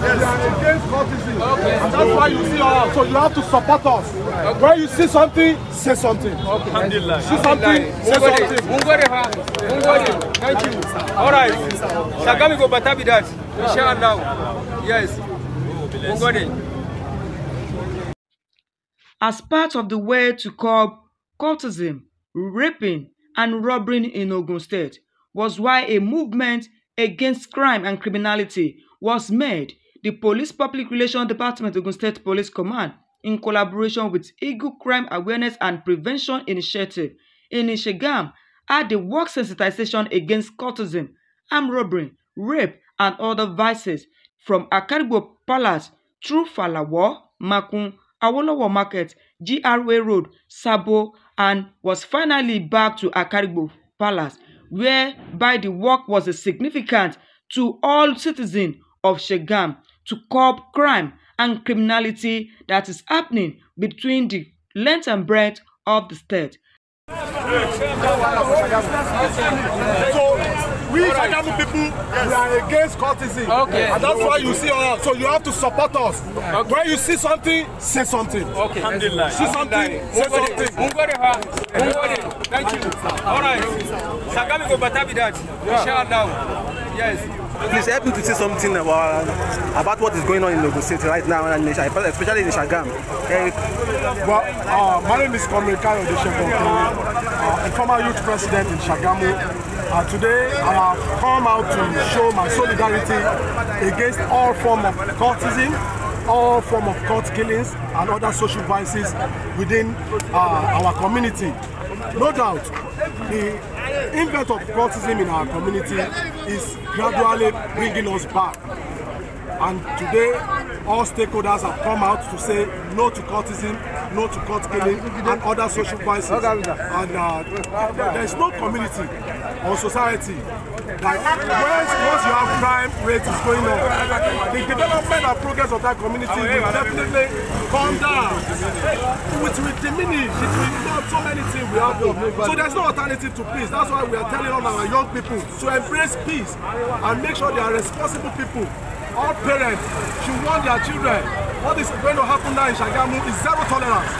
Yes. We are against cultism. Okay. And that's why you see us. Uh, so you have to support us. Okay. When you see something, say something. Okay. Alhamdulillah. See something, say something. Mungwere ha. Mungwere. Thank you. All right. Shagami go batabi that. Inshallah. Yes. Mungwere. As part of the way to curb cultism, raping, and robbing in Ogun State was why a movement against crime and criminality was made The Police Public Relations Department, Ogun State Police Command, in collaboration with Eagle Crime Awareness and Prevention Initiative in Ishigam, had the work sensitization against cultism, armed robbery, rape, and other vices from Akarigbo Palace through Falawo, Makun, Awolowo Market, GRA Road, Sabo, and was finally back to Akarigbo Palace, whereby the work was significant to all citizens of Shegam to curb crime and criminality that is happening between the length and breadth of the state. So, we Fadamu people we are against courtesy, okay. and that's why you see us so you have to support us okay. when you see something say something okay. see something say something thank you all right sagami go batabi that inshallah yes Please help me to say something about, about what is going on in Ogun city right now, and especially in Shagam. Eric. Well, uh, my name is Komika Odeshegun, uh, a former youth president in Shagamu. Uh, today I have come out to show my solidarity against all form of cultism, all form of cult killings and other social vices within uh, our community. No doubt, the inbred of racism in our community is gradually bringing us back. And today, all stakeholders have come out to say no to cultism, no to cult killing, and other social vices. And uh, there is no community on society. Like once, once you have crime rate is going on, the development and progress of that community will definitely come down. It will diminish. It will not so many things we have done. So there's no alternative to peace. That's why we are telling all our young people to embrace peace and make sure they are responsible people. All parents should warn their children What is going to happen now in Shagamu is zero tolerance.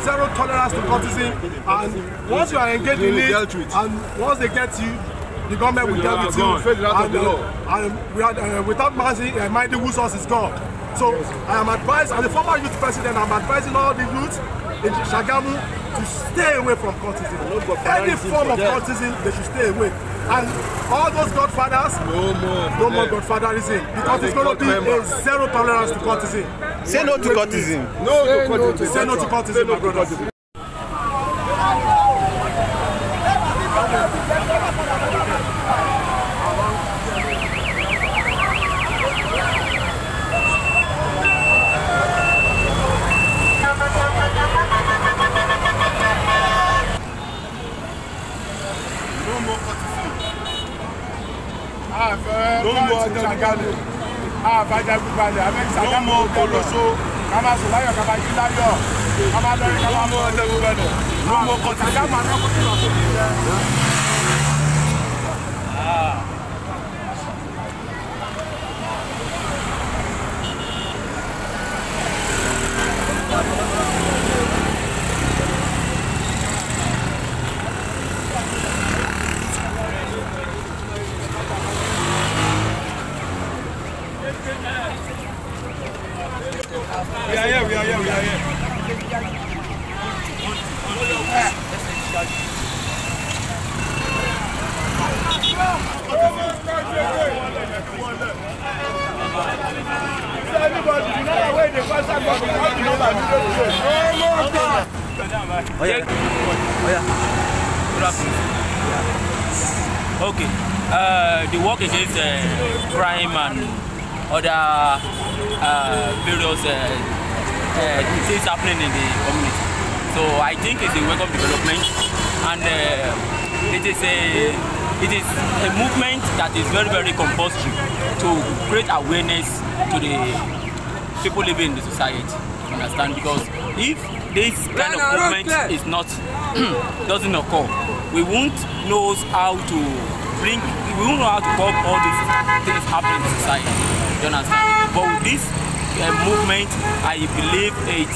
Zero tolerance to cultism. And once you are engaged in it, and once they get you, the government will deal with you. and, the uh, and we are, uh, without mercy, uh, mighty whose us is gone. So I am advised, as a former youth president, I'm advising all the youth in Shagamu to stay away from cultism. Any form of cultism, they should stay away. And all those godfathers, no more, no more godfatherism, because it's going to be a zero tolerance to cultism. Say no to Não, No to cultism. Say no to cultism, my Não No more cultism. Ah, fair. No more àbájágbúgbalẹ̀ abẹ́tí àdámọ́ olóso ká máa sùn láyọ̀ ká máa yí láyọ̀ ká máa lọ́rí ká máa mọ́ ọ̀dẹ́gbúgbalẹ̀ ló mọ́ kọ́tà Okay. Uh, the work against uh, crime and other uh, various uh, uh, things happening in the community. So I think it's a welcome development and uh, it is a it is a movement that is very very compulsory to create awareness to the people living in the society understand because if this kind of movement is not doesn't occur we won't know how to bring, we won't know how to stop all these things happening in society. You understand? But with this uh, movement, I believe it,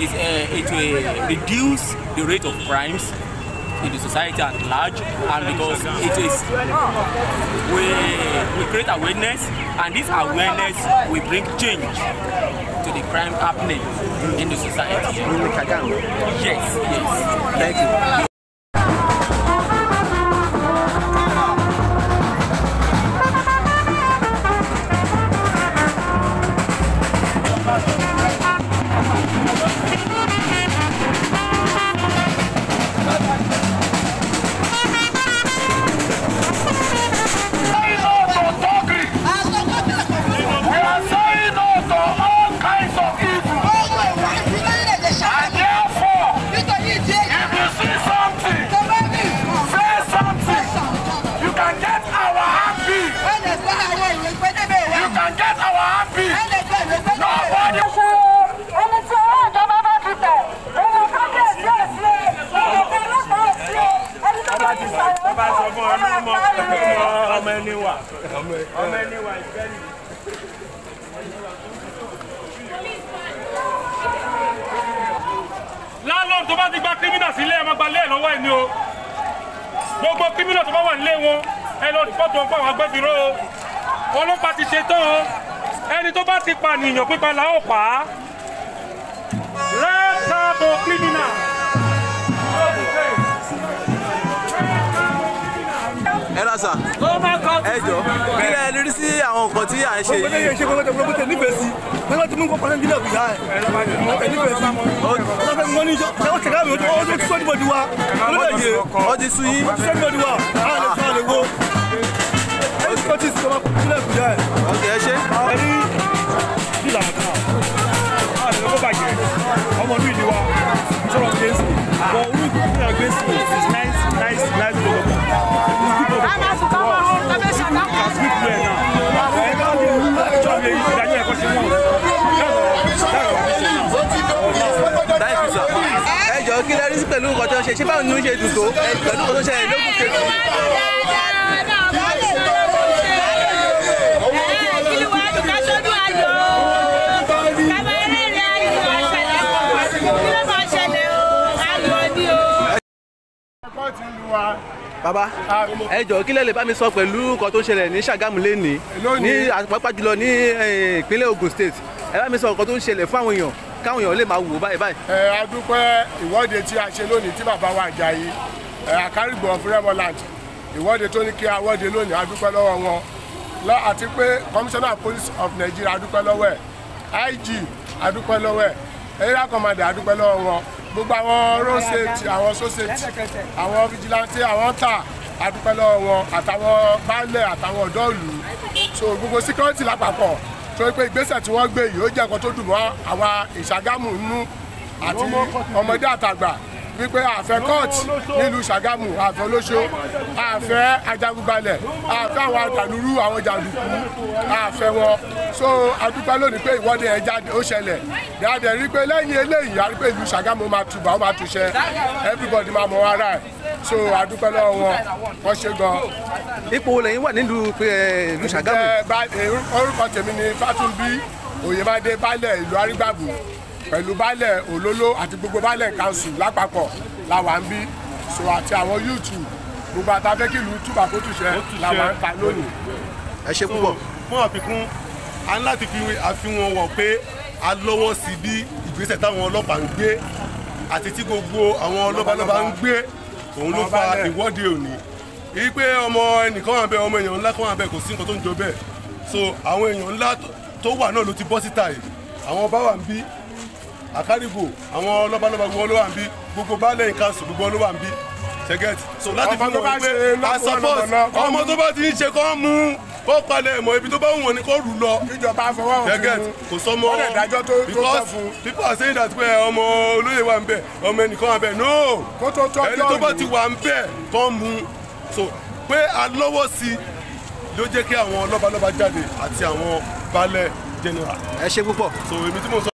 it, uh, it will reduce the rate of crimes in the society at large and because it is we we create awareness and this awareness will bring change to the crime happening in the society. Yes, yes. Thank you. can get our happy. Nobody. ẹni tí owó ìjọba bá fi tẹ̀ ẹni tó kẹ̀ sí èsì ẹ̀ ẹni tó lọ́pọ̀ sí ẹ̀ ẹni tó bá ti sọ ìwé kan ọmọ ẹ̀ka rẹ̀. ọmọ ẹni wà ọmọ ẹni wà ìfẹ́ni. lálọ́ọ̀nù tó bá ti gba kírímínà sílé ẹ̀ máa gba lé ẹ̀ lọ́wọ́ ẹ̀ ni o gbogbo kírímínà tó bá wà nílé wọn ẹ lọ rìpọ́tù wọn fún àwọn agbẹ́bíró o ọlọ́pàá ti ṣetán o ẹni tó bá ti pànìyàn pípa là ó pa á red tabo criminal. ẹ lọ sà ẹ jọ kí lẹ lórí sí àwọn nǹkan tí à ń ṣe yìí. ọmọdé yẹn ṣe kọ́kọ́ tẹ gbọ́dọ̀ nífẹ̀ẹ́ sí nígbà tí mú nǹkan pàṣẹ nílẹ̀ òkúta ẹ̀ ẹ̀ nífẹ̀ẹ́ sí. ọjọ́ fẹ́ mọ́ ní ìjọ ṣẹ́wọ́ ṣẹ̀ká mi ó ti sọ́ọ́dúnbọ̀dù wa. ó ti sú yín. ó ti sọ́ọ́dúnbọ̀dù wa. a lè fọ́ àlè wo. ẹ jọ̀ọ́ kí lẹ́rìí sí pẹ̀lú nǹkan tó ń ṣe ṣé báwo ni ó ń ṣe dùn tó pẹ̀lú nǹkan tó ń ṣẹlẹ̀ lókùnkè tó. baba ẹ jọ kí lẹ lè bá mi sọ pẹ̀lú nǹkan tó ń ṣẹlẹ̀ ní Ṣàgámù lẹ́nìí ní pàápàá jùlọ ní ìpínlẹ̀ Ògùn state ẹ bá mi sọ nǹkan tó ń ṣẹlẹ̀ fún àwọn èèyàn káwọn èèyàn lè máa wò báyìí báyìí. ẹ a dúpẹ́ ìwọ́de tí a ṣe lónìí tí bàbá wa Àjàyí Àkárìgbò of Remoland ìwọ́de tó ní kí a wọ́de lónìí a dúpẹ́ lọ́wọ́ wọn lọ àti pé commissioner police of Nigeria a dúpẹ́ lọ́wọ́ ẹ̀ IG a dúpẹ́ lọ́wọ́ ẹ̀ area commander a dúpẹ́ lọ́wọ́ wọn gbogbo àwọn road safety àwọn so safety àwọn vigilante àwọn ta adúpẹ́ lọ́wọ́ wọn àtàwọn baálẹ̀ àtàwọn ọ̀dọ́ ìlú so gbogbo security lápapọ̀ torí pé ìgbésẹ̀ tí wọ́n gbé yìí ó jẹ́ nǹkan tó dùn mọ́ àwa ìṣàgámù nínú àti ọmọdé àtàgbà wípé àfẹ́ court nílùú ṣàgámù àfẹ́ olóṣó àfẹ́ ajagunbalẹ̀ àfẹ́ àwọn àdàlúrú àwọn jàǹdùkú àfẹ́ wọn so adúpẹ́ lónìí pé ìwọ́de ẹ̀ jáde ó ṣẹlẹ̀ dáadẹ́ rí pé lẹ́yìn eléyìí a rí pé ìlú Ṣàgámù máa tùbà ó máa túṣẹ everybody máa mọ ara ẹ̀ so adúpẹ́ lọ́wọ́ wọn wọ́n ṣe gan. ipò lẹ́yìn wà nílùú ìlú Ṣàgámù. orúkọ tèmi ni Fátúnbí Oyèbádé baálẹ̀ ìlú Arígbàbù pẹ̀lú baálẹ̀ Òlóló àti gbogbo baálẹ̀ kanṣu lápapọ̀ làwà ń bí so àti àwọn yúùtù gbogbo àtàfẹ́kìlú túbà kó túṣẹ làwà ń ta lónìí. ẹ ṣe púpọ̀. fún àfikún a ní láti fi àfihàn wọn pé a lọ́wọ́ sí bí ìgbésẹ̀ táwọn ọlọ́pàá ń gbé àti tí gbogbo àwọn lọ́balọ́ba ń gbé òun ló fa ìwọ́de òní èyí pé ọmọ ẹnìkan wà bẹ́ẹ̀ ọmọ èèyàn ńlá kan wà bẹ́ẹ̀ kò sí nǹkan tó ń jọ bẹ́ẹ̀ so àwọn èèyàn ńlá tó wà náà ló ti bọ́ síta yìí àwọn ọba wà ń bí àkárìbò àwọn lọ́balọ́ba gbogbo ló wà ń bí gbogbo baálé ìkànsù gbogbo ló ń bí ṣẹ́gẹ́tì so láti fi wọ́n pé a ọmọ tó bá ti ń ṣe kọ́ mú kó palẹ̀ mọ́ ibi tó bá wù wọ́n ni kó rù lọ. ìjọba fọwọ́ òfin mu kò sọmọ ọmọ ìdájọ́ tó tọ́ fún. people are saying that pé ọmọ olóyè wà ń bẹ̀ ọmọ ẹnìkan wà ń bẹ̀ no ẹni tó bá ti wà ń bẹ̀ kán mu so pé alọ́wọ́ sí ló jẹ́ kí àwọn lọ́balọ́ba jáde àti àwọn balẹ̀ general. ẹ ṣe púpọ̀. so èmi tí mo sọ